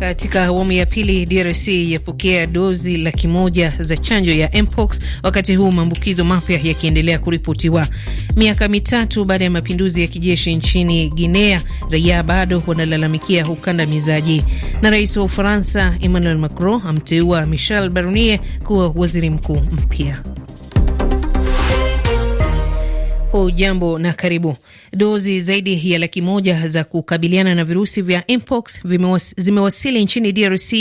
katika awamu ya pili, DRC yapokea dozi laki moja za chanjo ya mpox, wakati huu maambukizo mapya yakiendelea kuripotiwa. Miaka mitatu baada ya mapinduzi ya kijeshi nchini Guinea, raia bado wanalalamikia ukandamizaji. Na rais wa Ufaransa Emmanuel Macron amteua Michel Barnier kuwa waziri mkuu mpya. Hujambo na karibu. Dozi zaidi ya laki moja za kukabiliana na virusi vya mpox zimewasili nchini DRC,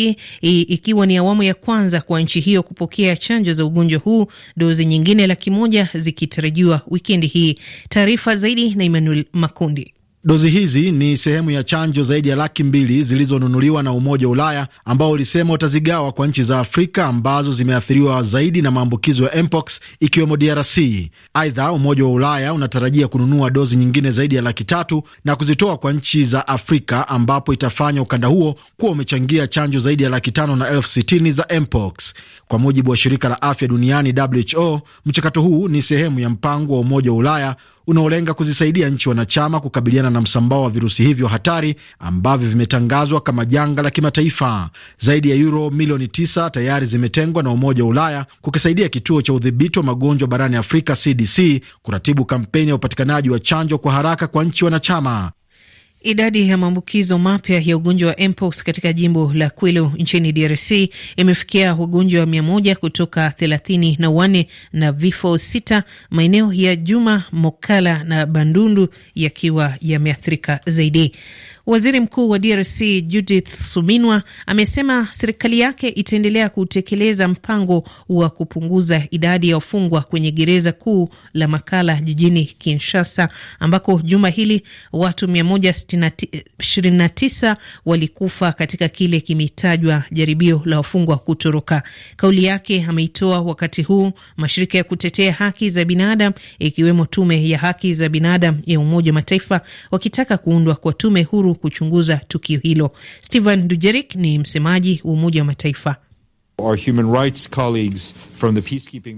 ikiwa ni awamu ya kwanza kwa nchi hiyo kupokea chanjo za ugonjwa huu, dozi nyingine laki moja zikitarajiwa wikendi hii. Taarifa zaidi na Emmanuel Makundi. Dozi hizi ni sehemu ya chanjo zaidi ya laki mbili zilizonunuliwa na Umoja wa Ulaya ambao ulisema utazigawa kwa nchi za Afrika ambazo zimeathiriwa zaidi na maambukizo ya mpox ikiwemo DRC. Aidha, Umoja wa Ulaya unatarajia kununua dozi nyingine zaidi ya laki tatu na kuzitoa kwa nchi za Afrika ambapo itafanya ukanda huo kuwa umechangia chanjo zaidi ya laki tano na elfu sitini za mpox, kwa mujibu wa shirika la afya duniani WHO. Mchakato huu ni sehemu ya mpango wa Umoja wa Ulaya unaolenga kuzisaidia nchi wanachama kukabiliana na msambao wa virusi hivyo hatari ambavyo vimetangazwa kama janga la kimataifa. Zaidi ya euro milioni 9 tayari zimetengwa na Umoja wa Ulaya kukisaidia kituo cha udhibiti wa magonjwa barani Afrika CDC kuratibu kampeni ya upatikanaji wa chanjo kwa haraka kwa nchi wanachama. Idadi ya maambukizo mapya ya ugonjwa wa mpox katika jimbo la Kwilu nchini DRC imefikia wagonjwa mia moja kutoka thelathini na wanne na vifo sita, maeneo ya Juma Mokala na Bandundu yakiwa yameathirika zaidi. Waziri Mkuu wa DRC Judith Suminwa amesema serikali yake itaendelea kutekeleza mpango wa kupunguza idadi ya wafungwa kwenye gereza kuu la Makala jijini Kinshasa, ambako juma hili watu 129 walikufa katika kile kimetajwa jaribio la wafungwa kutoroka. Kauli yake ameitoa wakati huu mashirika ya kutetea haki za binadamu ikiwemo tume ya haki za binadamu ya Umoja wa Mataifa wakitaka kuundwa kwa tume huru kuchunguza tukio hilo. stehen dujerik ni msemaji wa Umoja wa Mataifa.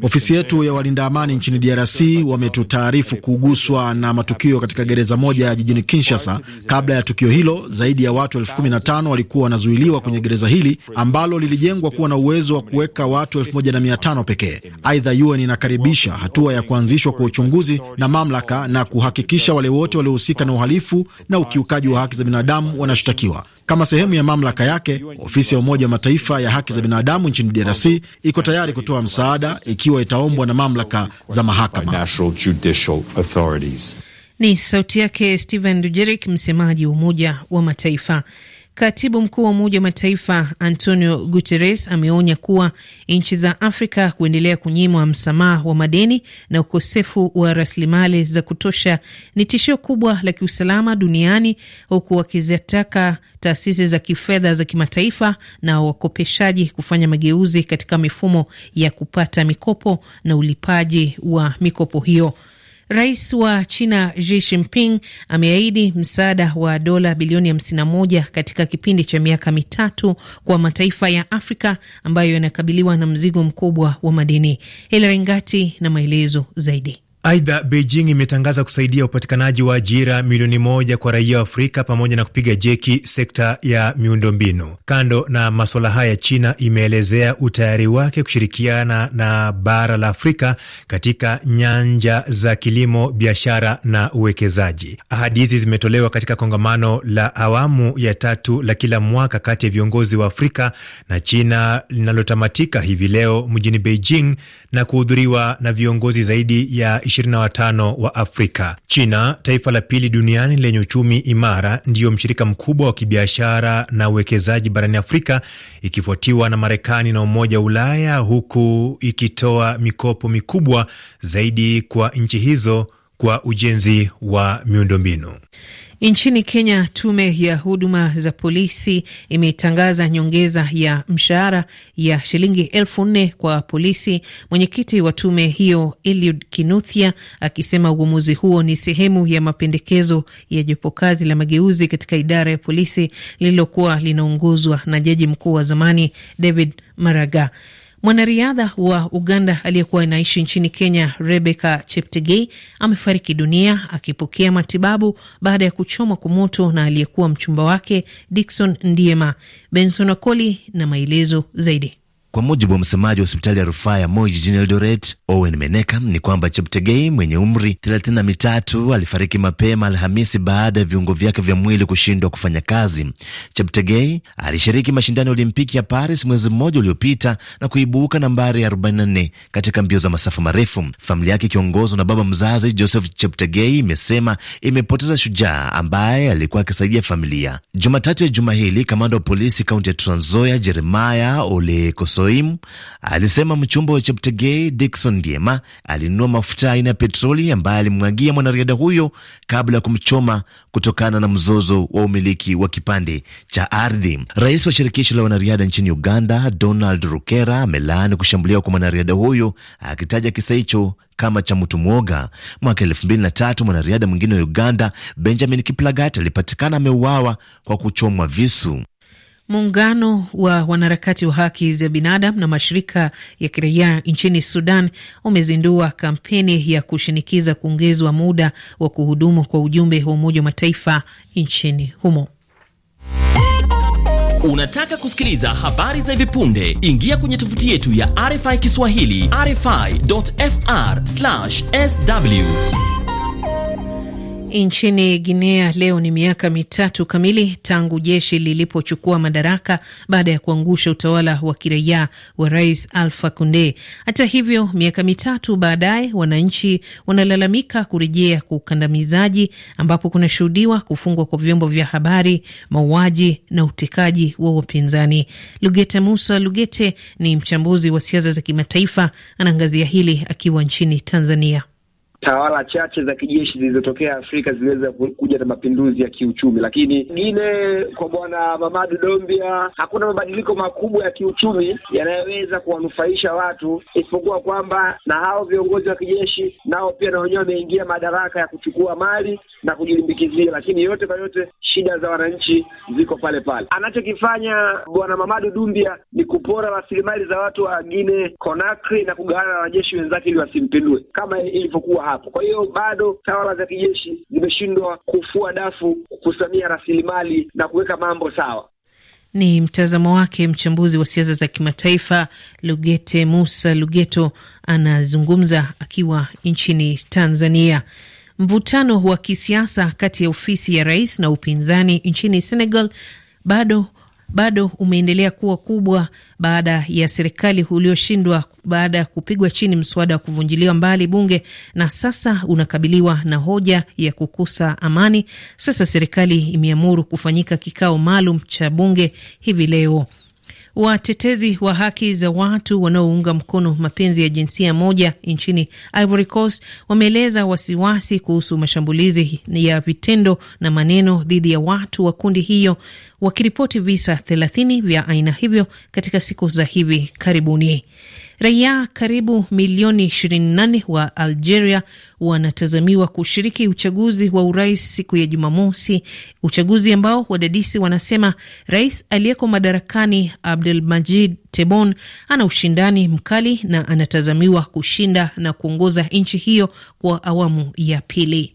Ofisi yetu ya walinda amani nchini DRC wametutaarifu kuguswa na matukio katika gereza moja jijini Kinshasa. Kabla ya tukio hilo, zaidi ya watu elfu kumi na tano walikuwa wanazuiliwa kwenye gereza hili ambalo lilijengwa kuwa na uwezo wa kuweka watu elfu moja na mia tano pekee. Aidha, UN inakaribisha hatua ya kuanzishwa kwa uchunguzi na mamlaka na kuhakikisha wale wote waliohusika na uhalifu na ukiukaji wa haki za binadamu wanashtakiwa. Kama sehemu ya mamlaka yake, ofisi ya Umoja wa Mataifa ya haki za binadamu nchini DRC iko tayari kutoa msaada ikiwa itaombwa na mamlaka za mahakama. Ni sauti yake Stephen Dujerik, msemaji wa Umoja wa Mataifa. Katibu mkuu wa Umoja wa Mataifa Antonio Guterres ameonya kuwa nchi za Afrika kuendelea kunyimwa msamaha wa madeni na ukosefu wa rasilimali za kutosha ni tishio kubwa la kiusalama duniani, huku wakizitaka taasisi za kifedha za kimataifa na wakopeshaji kufanya mageuzi katika mifumo ya kupata mikopo na ulipaji wa mikopo hiyo. Rais wa China Xi Jinping ameahidi msaada wa dola bilioni 51 katika kipindi cha miaka mitatu kwa mataifa ya Afrika ambayo yanakabiliwa na mzigo mkubwa wa madini. Hilary Ngati na maelezo zaidi. Aidha, Beijing imetangaza kusaidia upatikanaji wa ajira milioni moja kwa raia wa Afrika pamoja na kupiga jeki sekta ya miundombinu. Kando na masuala haya, China imeelezea utayari wake kushirikiana na bara la Afrika katika nyanja za kilimo, biashara na uwekezaji. Ahadi hizi zimetolewa katika kongamano la awamu ya tatu la kila mwaka kati ya viongozi wa Afrika na China linalotamatika hivi leo mjini Beijing na kuhudhuriwa na viongozi zaidi ya 25 wa Afrika. China, taifa la pili duniani lenye uchumi imara, ndiyo mshirika mkubwa wa kibiashara na uwekezaji barani Afrika, ikifuatiwa na Marekani na Umoja wa Ulaya, huku ikitoa mikopo mikubwa zaidi kwa nchi hizo kwa ujenzi wa miundombinu. Nchini Kenya, tume ya huduma za polisi imetangaza nyongeza ya mshahara ya shilingi elfu nne kwa polisi, mwenyekiti wa tume hiyo Eliud Kinuthia akisema uamuzi huo ni sehemu ya mapendekezo ya jopo kazi la mageuzi katika idara ya polisi lililokuwa linaongozwa na jaji mkuu wa zamani David Maraga. Mwanariadha wa Uganda aliyekuwa anaishi nchini Kenya, rebeca Cheptegei amefariki dunia akipokea matibabu baada ya kuchomwa kwa moto na aliyekuwa mchumba wake dikson Ndiema. Benson Wakoli na maelezo zaidi. Kwa mujibu wa msemaji wa hospitali ya rufaa ya Moi jijini Eldoret, Owen Meneka, ni kwamba Cheptegei mwenye umri thelathini na mitatu alifariki mapema Alhamisi baada ya viungo vyake vya mwili kushindwa kufanya kazi. Cheptegei alishiriki mashindano ya Olimpiki ya Paris mwezi mmoja uliopita na kuibuka nambari 44 katika mbio za masafa marefu. Familia yake ikiongozwa na baba mzazi Joseph Cheptegei imesema imepoteza shujaa ambaye alikuwa akisaidia familia. Jumatatu ya juma hili, kamanda wa polisi kaunti ya Trans Nzoia Jeremiah Ole Koso Ibrahim alisema mchumba wa Cheptegei Dickson Diema alinunua mafuta aina ya petroli ambaye alimwagia mwanariadha huyo kabla ya kumchoma kutokana na mzozo wa umiliki wa kipande cha ardhi. Rais wa shirikisho la wanariadha nchini Uganda Donald Rukera amelaani kushambuliwa kwa mwanariadha huyo akitaja kisa hicho kama cha mtu mwoga. Mwaka elfu mbili na tatu mwanariadha mwingine wa Uganda Benjamin Kiplagat alipatikana ameuawa kwa kuchomwa visu. Muungano wa wanaharakati wa haki za binadamu na mashirika ya kiraia nchini Sudan umezindua kampeni ya kushinikiza kuongezwa muda wa kuhudumu kwa ujumbe wa Umoja wa Mataifa nchini humo. Unataka kusikiliza habari za hivi punde? Ingia kwenye tovuti yetu ya RFI Kiswahili, rfi.fr/sw Nchini Guinea leo ni miaka mitatu kamili tangu jeshi lilipochukua madaraka baada ya kuangusha utawala wa kiraia wa Rais Alpha Conde. Hata hivyo, miaka mitatu baadaye, wananchi wanalalamika kurejea kwa ukandamizaji, ambapo kunashuhudiwa kufungwa kwa vyombo vya habari, mauaji na utekaji wa wapinzani. Lugete Musa Lugete ni mchambuzi wa siasa za kimataifa, anaangazia hili akiwa nchini Tanzania tawala chache za kijeshi zilizotokea Afrika ziliweza kuja na mapinduzi ya kiuchumi, lakini ngine kwa bwana Mamadu Dombia hakuna mabadiliko makubwa ya kiuchumi yanayoweza kuwanufaisha watu, isipokuwa kwamba na hao viongozi wa kijeshi nao pia na wenyewe wameingia madaraka ya kuchukua mali na kujilimbikizia, lakini yote kwa yote shida za wananchi ziko pale pale. Anachokifanya bwana Mamadu Dumbia ni kupora rasilimali za watu wa Guinea Conakry na kugawana na wanajeshi wenzake ili wasimpindue kama ilivyokuwa hapo. Kwa hiyo bado tawala za kijeshi zimeshindwa kufua dafu kusimamia rasilimali na kuweka mambo sawa. Ni mtazamo wake mchambuzi wa siasa za kimataifa Lugete Musa Lugeto, anazungumza akiwa nchini Tanzania. Mvutano wa kisiasa kati ya ofisi ya rais na upinzani nchini Senegal bado bado umeendelea kuwa kubwa baada ya serikali ulioshindwa baada ya kupigwa chini mswada wa kuvunjiliwa mbali bunge na sasa unakabiliwa na hoja ya kukosa amani. Sasa serikali imeamuru kufanyika kikao maalum cha bunge hivi leo. Watetezi wa haki za watu wanaounga mkono mapenzi ya jinsia moja nchini Ivory Coast wameeleza wasiwasi kuhusu mashambulizi ya vitendo na maneno dhidi ya watu wa kundi hiyo, wakiripoti visa thelathini vya aina hivyo katika siku za hivi karibuni. Raia karibu milioni 28 wa Algeria wanatazamiwa kushiriki uchaguzi wa urais siku ya Jumamosi, uchaguzi ambao wadadisi wanasema rais aliyeko madarakani Abdelmajid Tebboune ana ushindani mkali na anatazamiwa kushinda na kuongoza nchi hiyo kwa awamu ya pili.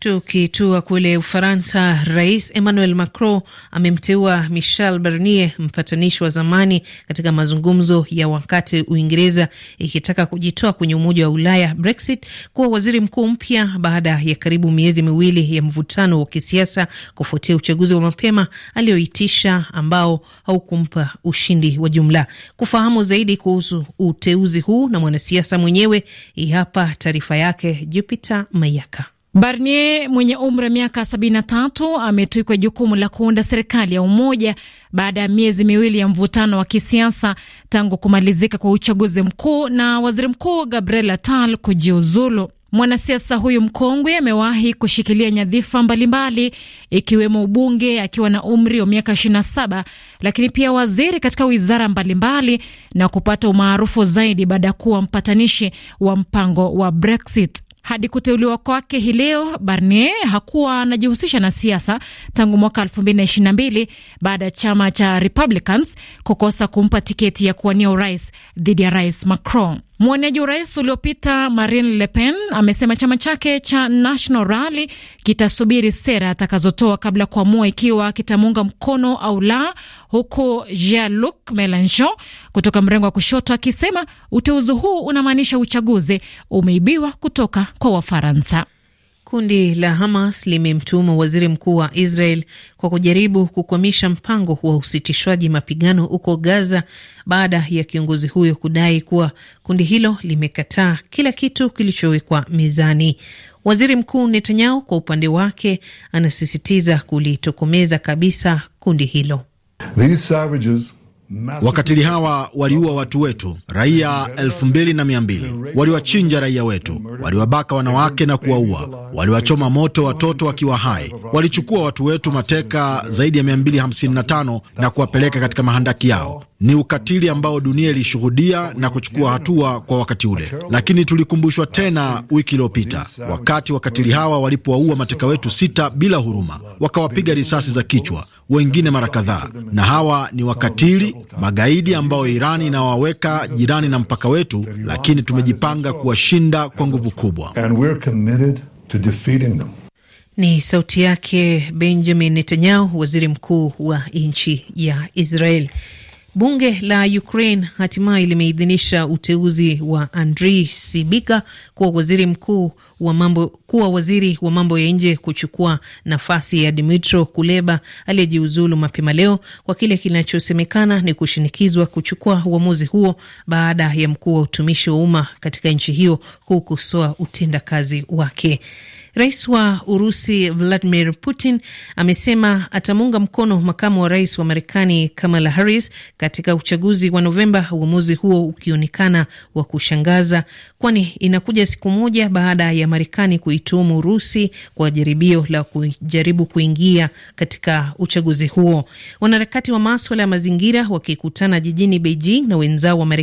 Tukitua kule Ufaransa, Rais Emmanuel Macron amemteua Michel Barnier, mpatanishi wa zamani, katika mazungumzo ya wakati Uingereza ikitaka kujitoa kwenye Umoja wa Ulaya, Brexit, kuwa waziri mkuu mpya baada ya karibu miezi miwili ya mvutano wa kisiasa kufuatia uchaguzi wa mapema aliyoitisha ambao haukumpa ushindi wa jumla. Kufahamu zaidi kuhusu uteuzi huu na mwanasiasa mwenyewe, hii hapa taarifa yake, Jupiter Mayaka. Barnier mwenye umri wa miaka tatu ametwikwa jukumu la kuunda serikali ya umoja baada ya miezi miwili ya mvutano wa kisiasa tangu kumalizika kwa uchaguzi mkuu na waziri mkuu Gabriel Attal kujiuzulu. Mwanasiasa huyu mkongwe amewahi kushikilia nyadhifa mbalimbali ikiwemo ubunge akiwa na umri wa miaka 27, lakini pia waziri katika wizara mbalimbali na kupata umaarufu zaidi baada ya kuwa mpatanishi wa mpango wa Brexit. Hadi kuteuliwa kwake hii leo, Barnier hakuwa anajihusisha na siasa tangu mwaka 2022 baada ya chama cha Republicans kukosa kumpa tiketi ya kuwania urais dhidi ya Rais Macron. Mwenyeji urais uliopita Marine Le Pen amesema chama chake cha National Rally kitasubiri sera atakazotoa kabla ya kuamua ikiwa kitamuunga mkono au la, huku Jean-Luc Melenchon kutoka mrengo wa kushoto akisema uteuzi huu unamaanisha uchaguzi umeibiwa kutoka kwa Wafaransa. Kundi la Hamas limemtuhumu waziri mkuu wa Israel kwa kujaribu kukwamisha mpango wa usitishwaji mapigano huko Gaza baada ya kiongozi huyo kudai kuwa kundi hilo limekataa kila kitu kilichowekwa mezani. Waziri Mkuu Netanyahu kwa upande wake anasisitiza kulitokomeza kabisa kundi hilo. These savages Wakatili hawa waliua watu wetu raia elfu mbili na mia mbili waliwachinja raia wetu, waliwabaka wanawake na kuwaua, waliwachoma moto watoto wakiwa hai, walichukua watu wetu mateka zaidi ya 255 na kuwapeleka katika mahandaki yao. Ni ukatili ambao dunia ilishuhudia na kuchukua hatua kwa wakati ule, lakini tulikumbushwa tena wiki iliyopita, wakati wakatili hawa walipowaua mateka wetu sita bila huruma, wakawapiga risasi za kichwa, wengine mara kadhaa. Na hawa ni wakatili magaidi ambao Irani inawaweka jirani na mpaka wetu, lakini tumejipanga kuwashinda kwa nguvu kubwa. Ni sauti yake Benjamin Netanyahu, waziri mkuu wa nchi ya Israel. Bunge la Ukraine hatimaye limeidhinisha uteuzi wa Andrii Sibika kuwa waziri mkuu wa mambo kuwa waziri wa mambo ya nje kuchukua nafasi ya Dmytro Kuleba aliyejiuzulu mapema leo kwa kile kinachosemekana ni kushinikizwa kuchukua uamuzi huo baada ya mkuu wa utumishi wa umma katika nchi hiyo kukosoa utendakazi wake. Rais wa Urusi Vladimir Putin amesema atamuunga mkono makamu wa rais wa Marekani Kamala Harris katika uchaguzi wa Novemba, uamuzi huo ukionekana wa kushangaza, kwani inakuja siku moja baada ya Marekani kuituhumu Urusi kwa jaribio la kujaribu kuingia katika uchaguzi huo. Wanaharakati wa maswala ya mazingira wakikutana jijini Beijing na wenzao wa Marekani